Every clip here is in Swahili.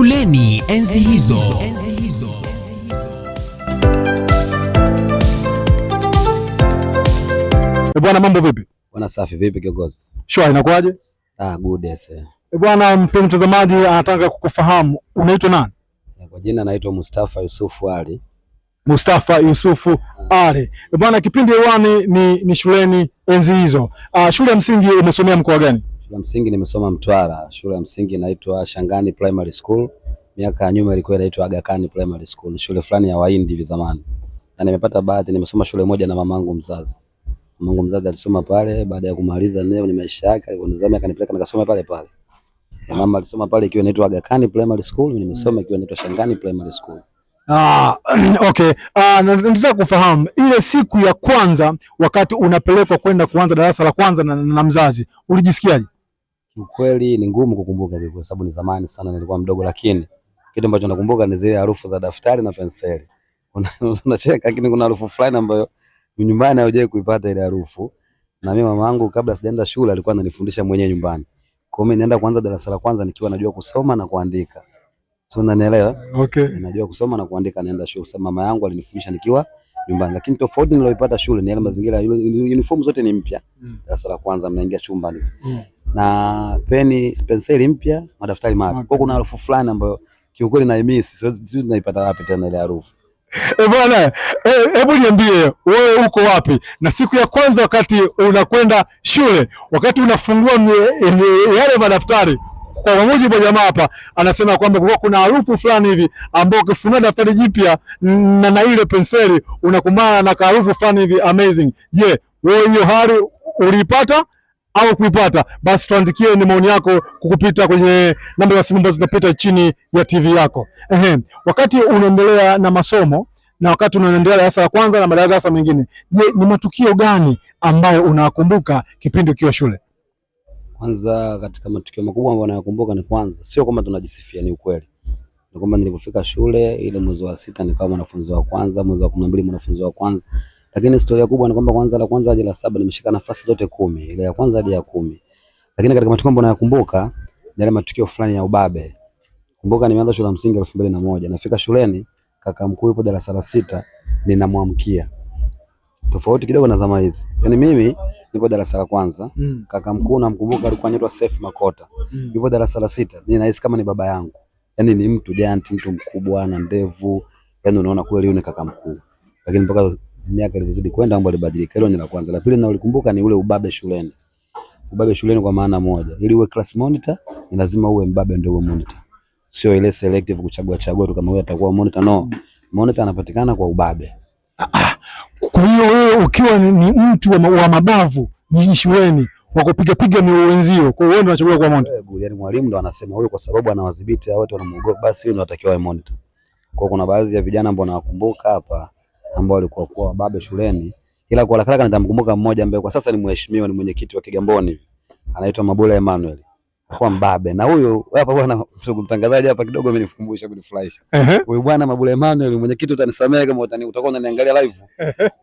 Shuleni enzi hizo. Enzi Bwana mambo vipi? Bwana safi vipi kiongozi? Shwari inakuaje? Ah, good yes. E bwana mpenzi mtazamaji anataka kukufahamu. Unaitwa nani? Eh, kwa jina naitwa Mustafa Yusufu Ali. Mustafa Yusufu Ali. E bwana kipindi hewani ni, ni shuleni enzi hizo. Ah, shule ya msingi umesomea mkoa gani? Shule ya msingi nimesoma Mtwara, shule ya msingi inaitwa Shangani Primary School. Miaka ya nyuma ilikuwa inaitwa Aga Khan Primary School, shule fulani ya Wahindi hivi zamani. Na nimepata bahati, nimesoma shule moja na mamangu mzazi. Mamangu mzazi alisoma pale, baada ya kumaliza naye ni maisha yake, alinizama akanipeleka nikasoma pale pale. Ya mama alisoma pale ikiwa inaitwa Aga Khan Primary School, nimesoma ikiwa inaitwa Shangani Primary School. Ah, okay. Ah, nataka kufahamu ile siku ya kwanza wakati unapelekwa kwenda kuanza darasa la kwanza na, na mzazi ulijisikiaje? Kiukweli ni ngumu kukumbuka hivyo kwa sababu ni zamani sana nilikuwa mdogo, lakini kitu ambacho nakumbuka ni zile harufu za daftari na penseli. Unacheka, lakini kuna harufu fulani ambayo nyumbani haujawahi kuipata ile harufu. Na mimi mamangu kabla sijaenda shule alikuwa ananifundisha mwenyewe nyumbani. Kwa hiyo nienda kwanza darasa la kwanza nikiwa najua kusoma na kuandika. So unanielewa? Okay. Najua kusoma na kuandika naenda shule. Sasa mama yangu alinifundisha nikiwa nyumbani. Lakini tofauti niliyoipata shule ni ile mazingira uniform zote ni mpya. Mm. Darasa la kwanza mnaingia chumbani. Mm na peni penseli mpya, madaftari mapya. Kwa kuna harufu fulani ambayo kiukweli na imisi siwezi naipata wapi tena ile harufu. E bwana, eh, hebu e, niambie wewe uko wapi? Na siku ya kwanza wakati unakwenda shule, wakati unafungua yale madaftari, kwa mujibu wa jamaa hapa anasema kwamba kwa kuna harufu fulani hivi ambayo ukifungua daftari jipya na, na ile penseli unakumbana na harufu fulani hivi amazing. Je, yeah, wewe hiyo hali uliipata? au kuipata, basi tuandikie ni maoni yako kukupita kwenye namba za simu ambazo zinapita chini ya TV yako. Ehe, wakati unaendelea na masomo na wakati unaendelea darasa la kwanza na baadaye darasa mengine, je, ni matukio gani ambayo unakumbuka kipindi ukiwa shule? Kwanza, katika matukio makubwa ambayo nayakumbuka ni kwanza, sio kwamba tunajisifia, ni ukweli ni kwamba nilipofika shule ile mwezi wa sita nikawa mwanafunzi wa kwanza, mwezi wa kumi na mbili mwanafunzi wa kwanza lakini historia kubwa ni kwamba kwanza la kwanza hadi la saba nimeshika nafasi zote kumi, ile ya kwanza hadi ya kumi. Lakini katika matukio ambayo nayakumbuka ni yale matukio fulani ya ubabe. Kumbuka nimeanza shule ya msingi elfu mbili na moja. Nafika shuleni kaka mkuu yupo darasa la sita ninamwamkia. Tofauti kidogo na zama hizi. Yaani mimi nipo darasa la kwanza, mm. kaka mkuu namkumbuka alikuwa anaitwa Sef Makota. Mm. Yupo darasa la sita. Mimi nahisi kama ni baba yangu. Yaani ni mtu giant, mtu mkubwa na ndevu. Yaani unaona kweli yule kaka mkuu. Lakini mpaka miaka ilivyozidi kwenda mambo yalibadilika. Hilo ni la kwanza. La pili na ulikumbuka ni ule ubabe shuleni. Ubabe shuleni kwa maana moja, ili uwe class monitor ni lazima uwe mbabe ndio uwe monitor, sio ile selective kuchagua chagua tu kama wewe atakuwa monitor. No, monitor anapatikana kwa ubabe. Kwa hiyo wewe ukiwa ni mtu wa mabavu ni shuleni wakupiga piga ni wenzio, kwa hiyo wewe ndio unachagua kwa monitor. Yani mwalimu ndo anasema huyo, kwa sababu anawadhibiti hao watu wanamuogopa, basi huyo ndio atakiwa awe monitor. Kwa kuna baadhi ya vijana ambao nawakumbuka hapa ambao walikuwa kwa wababe shuleni, ila kwa haraka nitamkumbuka mmoja ambaye kwa sasa ni mheshimiwa, ni mwenyekiti wa Kigamboni, anaitwa Mabula Emmanuel kwa mbabe na huyo hapa bwana mtangazaji hapa kidogo amenikumbusha kunifurahisha. uh Huyu bwana Mabule Emmanuel mwenyekiti, utanisamehe kama utani utakuwa unaniangalia live.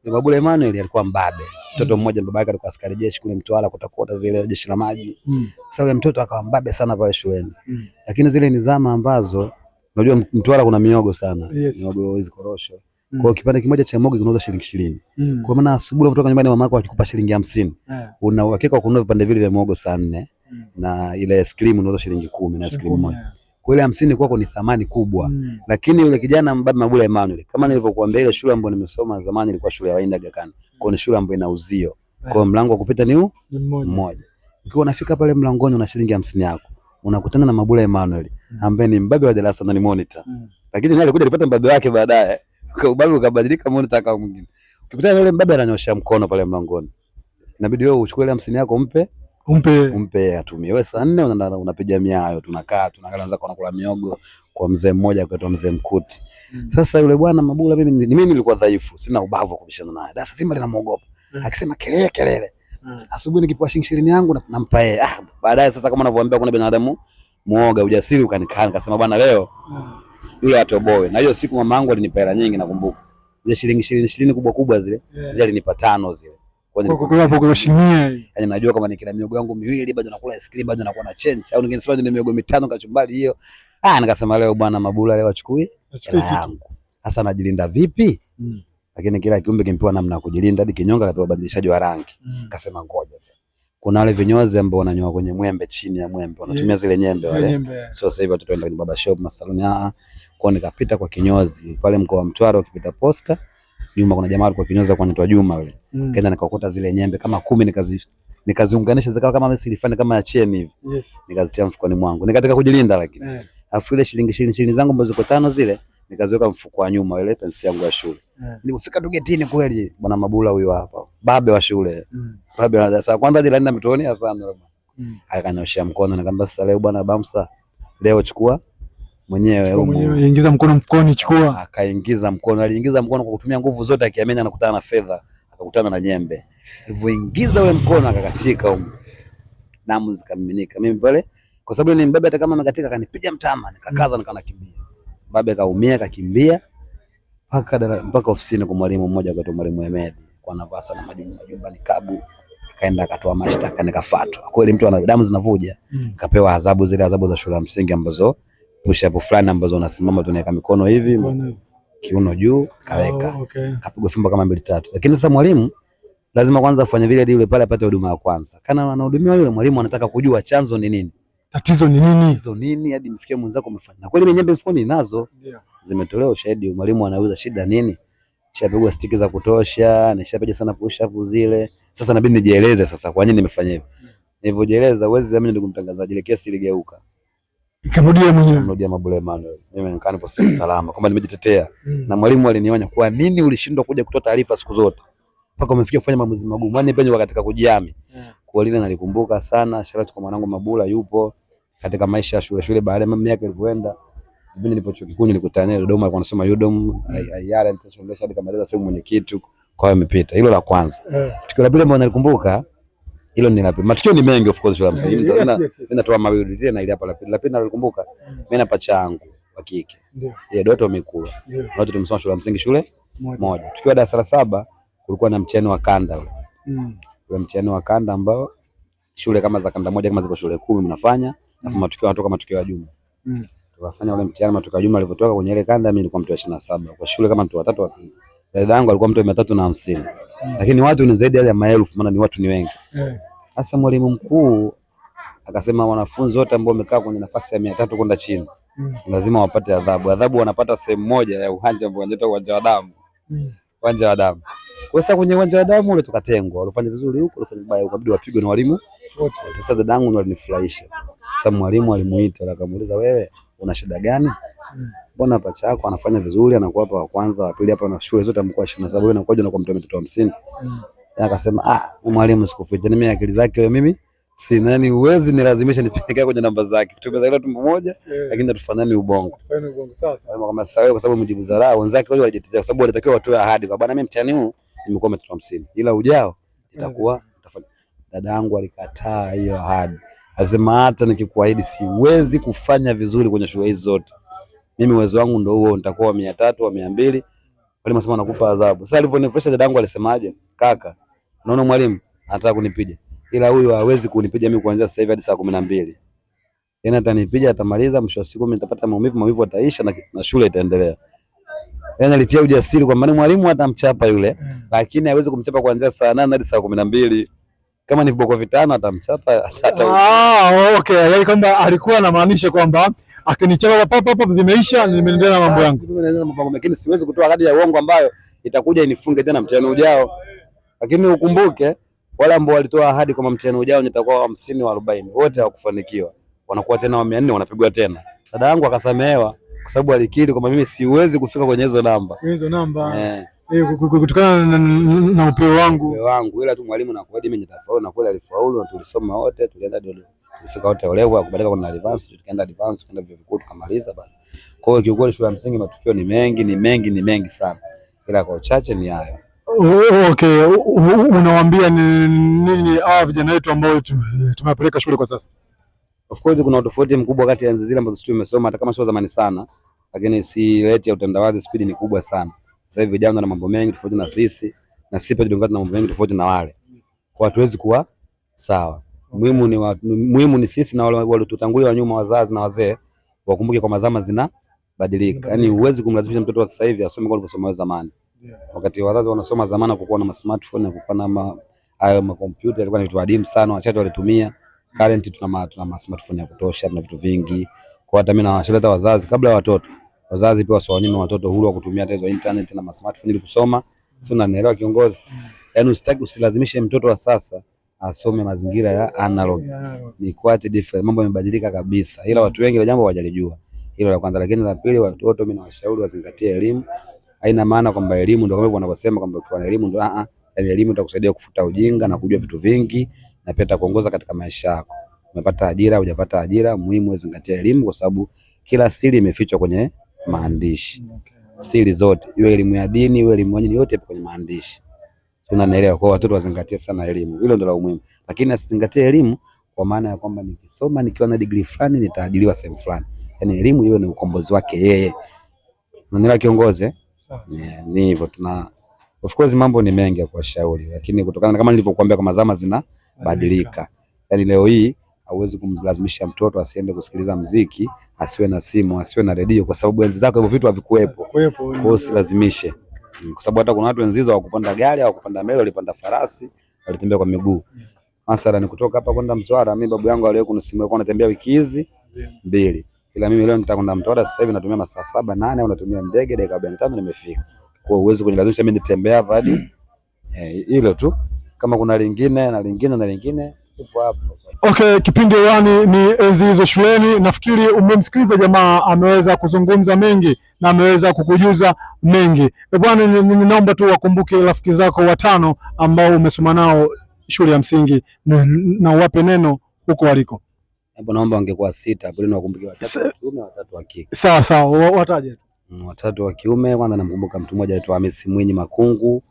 Ni Mabule Emmanuel alikuwa mbabe. Mtoto mm. mmoja baba yake alikuwa askari jeshi kule Mtwara kutakuta zile jeshi la maji. Mm. Sasa yule mtoto akawa mbabe sana pale shuleni. Mm. Lakini zile ni zama ambazo unajua Mtwara kuna miogo sana. Yes. Miogo hizo korosho. Mm. Kwa kipande kimoja cha mogo kinauza shilingi ishirini. Mm. Kwa maana asubuhi unapotoka nyumbani mama yako akikupa shilingi hamsini. Yeah. Una uhakika wa kununua vipande vile vya mogo saa nne. Mm. Na ile ice cream unauza shilingi kumi na ice cream moja. Eh. Kwa ile hamsini kwako ni thamani kubwa. Mm. Lakini yule kijana mbaba Mabula Emmanuel kama nilivyokuambia ile shule ambayo nimesoma zamani ilikuwa shule ya Wainda Gakana. Kwa ni shule ambayo ina uzio. Kwa eh. mlango wa kupita ni huu mmoja. Ukiwa unafika pale mlangoni una shilingi hamsini yako. Unakutana na Mabula Emmanuel mm. ambaye ni mbabe wa darasa na ni monitor. Mm. Lakini naye alikuja alipata mbabe wake baadaye ubabe ukabadilika, mbona taka mwingine. Ukipita na yule mbaba ananyosha mkono pale mlangoni, inabidi wewe uchukue ile hamsini yako umpe umpe umpe atumie. Wewe saa nne unapiga mia hayo, tunakaa tunaanza kuona kula miogo kwa mzee mmoja kwa mzee Mkuti. Mm. Sasa yule bwana Mabula, mimi ni mimi nilikuwa dhaifu, sina ubavu wa kubishana naye. Sasa Simba linamuogopa mm. akisema kelele kelele. Mm. Asubuhi nikipewa shilingi ishirini yangu nampa yeye. Ah, baadaye sasa, kama unavyoambia, kuna binadamu muoga, ujasiri ukanikana, kasema bwana leo yule atoboe. Na hiyo siku mama yangu alinipa hela nyingi nakumbuka. Zile shilingi shilingi shilingi kubwa kubwa zile, yeah. Zile alinipa tano zile. Yaani najua kama nikila miogo yangu miwili bado nakula ice cream bado nakuwa na change au ningesema sema miogo mitano kachumbali hiyo. Ah, nikasema leo bwana Mabula leo achukui hela yangu. Sasa najilinda vipi? Mm. Lakini kila kiumbe kimpewa namna ya kujilinda, hadi kinyonga kapewa badilishaji wa rangi. Mm. Kasema ngoja. Kuna wale vinyozi ambao wananyoa kwenye mwembe chini ya mwembe, wanatumia mm. zile nyembe wale. Sio sasa hivi watu wanaenda kwenye baba shop, masaluni ah. Kwa nikapita kwa kinyozi pale mkoa wa Mtwara, ukipita posta nyuma, kuna jamaa alikuwa kinyoza kwa anaitwa Juma yule. Mm. Kaenda nikakuta zile nyembe kama kumi nikazi nikaziunganisha zikawa kama msili fani kama ya cheni hivi. Yes. Nikazitia mfukoni mwangu. Nikataka kujilinda lakini. Yeah. Afu ile shilingi shilingi shilingi zangu ambazo ziko tano zile nikaziweka mfuko wa nyuma ile pensi yangu ya shule. Yeah. Nilipofika tu getini kweli bwana Mabula huyo hapa. Babe wa shule. Mm. Babe wa darasa kwanza jila nenda mitoni sana Mm. Akanyoshia mkono nikamwambia sasa leo bwana Bamsa leo chukua mwenyewe huko, ingiza mkono mfukoni, chukua. Akaingiza mkono, aliingiza mkono kwa kutumia nguvu zote, akiamini anakutana na fedha, akakutana na jembe. Alivyoingiza ule mkono akakatika huko, damu zikamiminika. Mimi pale, kwa sababu ni mbebe, hata kama amekatika, akanipiga mtama, nikakaza, mm. nikanakimbia. Babe kaumia, kakimbia mpaka mpaka ofisini kwa mwalimu mmoja, kwa mwalimu Ahmed, kwa Navasa na majumba majumba ni kabu kaenda akatoa mashtaka nikafatwa. Kweli mtu ana damu zinavuja, mm. kapewa adhabu zile adhabu za shule ya msingi ambazo push up fulani ambazo unasimama, tunaweka mikono hivi kiuno juu oh, kaweka. Oh, okay. Kapigwa fimbo kama mbili tatu, lakini sasa mwalimu lazima kwanza afanye vile yule pale apate huduma ya kwanza. Kana anahudumiwa yule mwalimu anataka kujua chanzo ni nini, tatizo ni nini, tatizo nini, hadi mfikie mwenzako umefanya. Na kweli mwenyembe mfukoni nazo yeah. Zimetolewa ushahidi, mwalimu anauza shida nini, nishapigwa stiki za kutosha, nishapiga sana push up zile. Sasa nabidi nijieleze sasa kwa nini nimefanya hivyo. Nilivyojieleza, uwezi amini ndugu mtangazaji, ile kesi iligeuka Ikamrudia mwenyewe. Ikamrudia Mabula Emmanuel. Mimi nikaa nipo sehemu salama kwamba nimejitetea. Na mwalimu alinionya kwa nini ulishindwa kuja kutoa taarifa siku zote? Mpaka umefikia kufanya maamuzi magumu. Mwana penye katika kujihami. Kwa lile nalikumbuka sana, sharti kwa mwanangu Mabula yupo katika maisha ya shule shule, baada ya mimi yake alipoenda mimi nilipo chuo kikuu nilikutana naye Dodoma, alikuwa anasema UDOM IR, nitasomesha hadi kamaliza sehemu mwenyekiti kwa hiyo imepita. Hilo la kwanza. Tukio la pili ambalo nalikumbuka hilo ni ninapenda. Matukio ni mengi of course, shule yes, yes. mimi natoa mawili ile na ile hapa la pili nalikumbuka mimi na pacha yangu wa kike Ndio. yeah, Doto Mikula Watu tumesoma shule ya msingi shule moja. Tukiwa darasa la saba kulikuwa na mtihani wa kanda ule mm. ule mtihani wa kanda ambao shule kama za kanda moja kama zipo shule kumi mnafanya na mm. matukio yanatoka matukio ya juma. mm. tukafanya ule mtihani matukio ya juma alivyotoka kwenye ile kanda, mimi nilikuwa mtu wa 27 kwa shule kama mtu wa tatu wa pili dada yangu alikuwa mtu wa 350 mm. lakini watu ni zaidi ya maelfu, maana ni watu ni wengi yeah. Sasa mwalimu mkuu akasema wanafunzi wote ambao wamekaa kwenye nafasi ya mia tatu kwenda chini mm. lazima wapate adhabu. Adhabu wanapata sehemu moja ya uwanja ambao wanaita uwanja wa damu mm. uwanja wa damu. Kwa sasa kwenye uwanja wa damu ule tukatengwa, walifanya vizuri huko, walifanya vibaya, ukabidi wapigwe na walimu wote. Sasa dadangu ndo alinifurahisha, Sasa mwalimu alimuita akamuuliza, wewe una shida gani? Mm. Mbona pacha yako anafanya vizuri, anakuwa hapa wa kwanza wa pili hapa na shule zote amekuwa 27 wewe unakuja na kwa mtoto wa 50 akasema ah, mwalimu sikuficha, mimi akili zake wewe, mimi si nani, uwezi nilazimisha nipeleke kwenye namba zake, tumezaliwa tumbo moja yeah, lakini hatufanani ubongo. Yaani ubongo. Sasa Kama sawa, kwa sababu mjibu dharau wenzake wale walijitetea, kwa sababu walitakiwa watoe ahadi kwa bwana, mimi mtihani huu nimekuwa mia tatu hamsini ila ujao itakuwa tafadhali. Dada yangu alikataa hiyo ahadi, alisema hata nikikuahidi siwezi kufanya vizuri kwenye shule hizi zote, mimi uwezo wangu ndio huo, nitakuwa mia tatu au mia mbili. Walimu wasema nakupa adhabu. Sasa alivyonifresha dada yangu alisemaje, kaka Unaona mwalimu anataka kunipiga. Ila huyu hawezi kunipiga mimi kuanzia sasa hivi hadi saa 12. tena yaani atanipiga atamaliza, mwisho wa siku mimi nitapata maumivu, maumivu yataisha na, na shule itaendelea. Yeye yaani alitia ujasiri kwamba mwalimu atamchapa yule, lakini hawezi kumchapa kuanzia saa 8 hadi saa 12. Kama ni viboko vitano atamchapa. Ah, okay. Yani kwamba alikuwa anamaanisha kwamba akinichapa papa papa vimeisha, nimeendelea na mambo yangu. Lakini siwezi kutoa kadi ya uongo ambayo itakuja inifunge tena mtihani ujao lakini ukumbuke wale ambao walitoa ahadi kwamba mtihani ujao nitakuwa hamsini wa arobaini wote hawakufanikiwa, wanakuwa tena wa mia nne wanapigwa tena. Dada yangu akasamehewa kwa sababu alikiri kwamba mimi siwezi kufika kwenye hizo namba hizo namba eh, eh kutokana na, na na upeo wangu upeo wangu, ila tu mwalimu na kweli mimi nitafaulu, na kweli alifaulu, na tulisoma wote, tulienda dole tulifika wote olevu, akubadilika kuna advance, tukaenda advance, tukaenda vyuo vikuu tukamaliza basi. Kwa hiyo kiukweli, shule ya msingi matukio ni mengi, ni mengi, ni mengi sana, ila kwa uchache ni hayo. Oh, okay, unawaambia nini hawa ah, vijana wetu ambao tumewapeleka shule kwa sasa? Of course kuna tofauti mkubwa kati ya enzi zile ambazo sisi tumesoma, hata kama sio zamani sana, lakini si rate ya utandawazi speed ni kubwa sana. Sasa hivi vijana na mambo mengi tofauti na sisi, na sisi pia na mambo mengi tofauti na wale, kwa hatuwezi kuwa sawa. Muhimu ni, wa, muhimu ni sisi na wale waliotutangulia wanyuma, wazazi na wazee, wakumbuke kwa mazama zinabadilika, yaani huwezi kumlazimisha mtoto wa sasa hivi asome kwa alivyosoma zamani. Yeah. Wakati wazazi wanasoma zamani kulikuwa na ma smartphone na kulikuwa na ma hayo ma computer yalikuwa ni vitu adimu sana, wachache walitumia. Current tuna ma, tuna ma smartphone ya kutosha, na vitu vingi. Kwa hata mimi nawashauri wazazi kabla ya watoto. Wazazi pia wasiwanyime watoto huru wa kutumia hata hizo internet na ma smartphone ili kusoma. Sio, unanielewa kiongozi? Mm. Yaani usitaki usilazimishe mtoto wa sasa asome mazingira ya analog. Ni quite different. Mambo yamebadilika kabisa. Ila watu wengi ile jambo hawajalijua. Hilo la kwanza, lakini la pili, watoto mimi nawashauri wazingatie elimu haina maana kwamba elimu ndio kama wanavyosema kwamba ukiwa na elimu ndio a ah, a, ah, yaani elimu itakusaidia kufuta ujinga na kujua vitu vingi na pia itakuongoza katika maisha yako. Umepata ajira, hujapata ajira, muhimu uzingatie elimu kwa sababu kila siri imefichwa kwenye maandishi. Siri zote, iwe elimu ya dini, iwe elimu nyingine, yote ipo kwenye maandishi. Unanielewa? Kwa watoto wazingatie sana elimu, hilo ndio la muhimu. lakini asizingatie elimu kwa maana ya kwamba nikisoma nikiwa na degree fulani nitaajiriwa sehemu fulani. Yani elimu iwe ni ukombozi wake yeye, nanila kiongozi eh? Eh, ni hivyo tuna of course mambo ni mengi ya kuwashauri, lakini kutokana kama nilivyokuambia, kama zama zinabadilika, yaani leo hii hauwezi kumlazimisha mtoto asiende kusikiliza mziki, asiwe na simu, asiwe na redio, kwa sababu enzi zako hivyo vitu havikuwepo. Kwa hiyo usilazimishe, mm, kwa sababu hata kuna watu wenzizo hawakupanda gari, hawakupanda meli, walipanda farasi, walitembea kwa miguu. Masala ni kutoka hapa kwenda Mtwara. Mimi babu yangu aliwahi kunisimamia, alikuwa anatembea wiki hizi mbili ila mimi leo nitakwenda Mtwara sasa hivi natumia masaa saba nane au natumia ndege dakika arobaini na tano nimefika. Kwa uwezo kunilazimisha mimi nitembee hapa hadi eh, hilo tu, kama kuna lingine na lingine na lingine upo hapo. Okay, kipindi wani ni enzi hizo shuleni. Nafikiri umemsikiliza jamaa, ameweza kuzungumza mengi na ameweza kukujuza mengi. Eh, bwana, ninaomba tu wakumbuke rafiki zako watano ambao umesoma nao shule ya msingi na uwape neno huko waliko. Hapo naomba wangekuwa sita bali nawakumbukia watatu wa kiume, watatu wa kike. Sawa sawa, wataje mm, watatu wa kiume. Kwanza namkumbuka mtu mmoja aitwa Hamisi Mwinyi Makungu,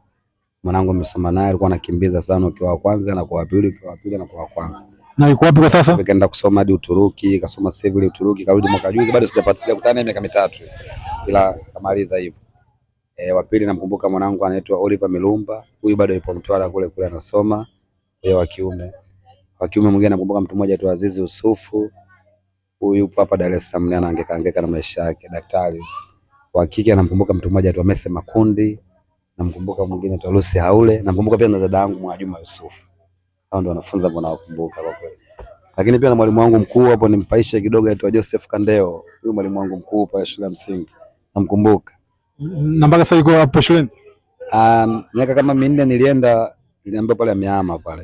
mwanangu amesoma naye, alikuwa anakimbiza sana, ukiwa wa kwanza na kwa pili, ukiwa wa pili na kwa kwanza. Na yuko wapi kwa sasa? Kaenda kusoma hadi Uturuki, kasoma sasa hivi Uturuki, karudi mwaka juzi, bado sijapata kukutana naye miaka mitatu, ila kamaliza hivyo. E, wa pili namkumbuka mwanangu anaitwa Oliver Milumba, huyu bado yupo Mtwara kule kule anasoma, yeye wa kiume kwa kiume mwingine nakumbuka mtu mmoja tu Azizi Usufu, huyu yupo hapa Dar es Salaam, naye angekaangeka na maisha yake. Daktari wa kike namkumbuka mtu mmoja tu Amese Makundi, namkumbuka mwingine tu Lucy Haule, namkumbuka pia na dada yangu Mwajuma Yusufu. Hao ndio wanafunza ambao nawakumbuka kwa kweli. Lakini pia na mwalimu wangu mkuu hapo nimpaisha kidogo, aitwa Joseph Kandeo, huyu mwalimu wangu mkuu pale shule ya msingi namkumbuka. Na mpaka sasa yuko hapo shuleni. Ah, miaka kama minne nilienda niliambiwa pale ameama pale.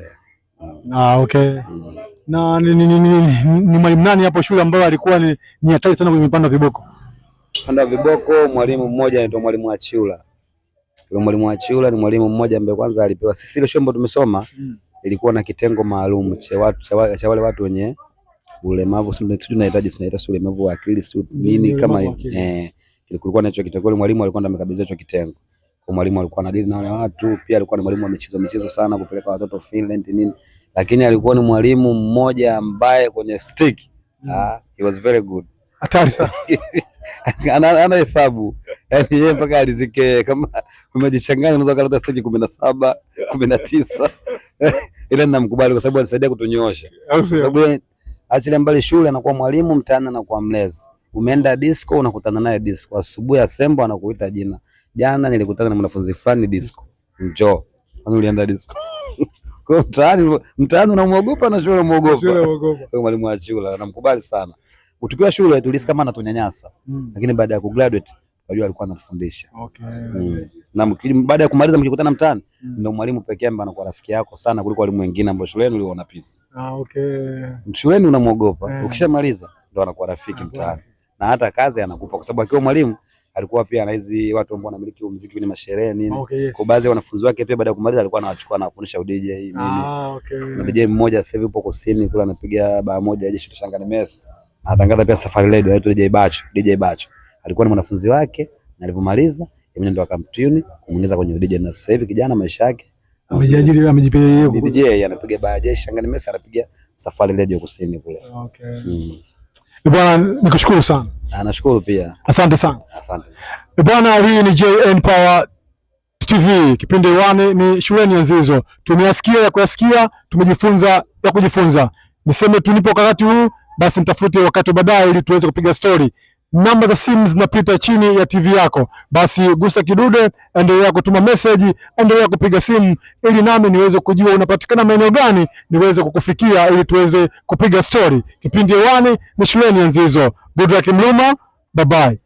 Ah, okay. Mm. Na ni, ni, ni, ni, ni mwalimu nani hapo shule ambayo alikuwa ni, ni hatari sana kwenye mpanda viboko? Panda viboko mwalimu mmoja anaitwa mwalimu Achiula. Yule mwalimu Achiula ni mwalimu mmoja ambaye kwanza alipewa sisi ile shombo tumesoma mm. ilikuwa na kitengo maalum cha watu cha wale watu wenye ulemavu tunahitaji tunaita sio ulemavu wa akili sio nini kama eh, kulikuwa na hicho kitengo. Mwalimu alikuwa ndo amekabidhiwa hicho kitengo kwa mwalimu alikuwa anadili na wale watu, pia alikuwa ni mwalimu wa michezo michezo sana, kupeleka watoto Finland nini, lakini alikuwa ni mwalimu mmoja ambaye kwenye stick mm. ah, he was very good, hatari sana ana hesabu yani yeye mpaka alizike kama umejichanganya unaweza kuleta stick kumi na saba kumi na tisa ile namkubali kwa sababu alisaidia kutunyoosha, sababu achilia mbali shule, anakuwa mwalimu mtaani, anakuwa mlezi. Umeenda disco unakutana naye disco, asubuhi asembo anakuita jina jana nilikutana na mwanafunzi fulani disco, njoo kwanza. Ulianza disco kwa mtaani, mtaani unamwogopa na shule unamwogopa. kwa mwalimu wa shule anamkubali sana. Tukiwa shule tulisikia kama anatunyanyasa mm. lakini baada ya kugraduate unajua alikuwa anatufundisha okay. mm. na baada ya kumaliza mkikutana mtaani mm. ndio mwalimu pekee ambaye anakuwa rafiki yako sana kuliko walimu wengine ambao shuleni uliona pisi. Ah, okay. shuleni unamwogopa. yeah. ukishamaliza ndio anakuwa rafiki mtaani na hata kazi anakupa kwa sababu akiwa mwalimu alikuwa pia na hizi watu ambao wanamiliki muziki kwenye masherehe nini. Ah, okay, yes. Kwa baadhi ya wanafunzi wake pia baada ya kumaliza alikuwa anawachukua anawafundisha DJ mimi. Ah, okay. Na DJ mmoja sasa hivi yupo kusini kule anapiga baa moja aje la Shangani Mess. Anatangaza pia Safari Radio anaitwa DJ Bacho, DJ Bacho. Alikuwa ni mwanafunzi wake na alipomaliza yeye ndio akamtune kumuongeza kwenye DJ na sasa hivi kijana maisha yake amejiajiri amejipea yeye DJ anapiga baa aje Shangani Mess anapiga Safari Radio kusini kule. Ah, okay. Hmm. Bwana nikushukuru sana. Ah, nashukuru pia. Asante sana. Asante. Bwana hii ni JN Power TV kipindi wani ni shuleni nzizo. Tumeyasikia ya kuyasikia, tumejifunza ya kujifunza. Niseme tu nipo wakati huu, basi nitafute wakati baadaye ili tuweze kupiga stori namba za simu zinapita chini ya TV yako, basi gusa kidude, endelea kutuma meseji, endelea kupiga simu, ili nami niweze kujua unapatikana maeneo gani, niweze kukufikia ili tuweze kupiga stori. Kipindi hewani ni shuleni Enzi Hizo. Goodluck Mluma, bye bye.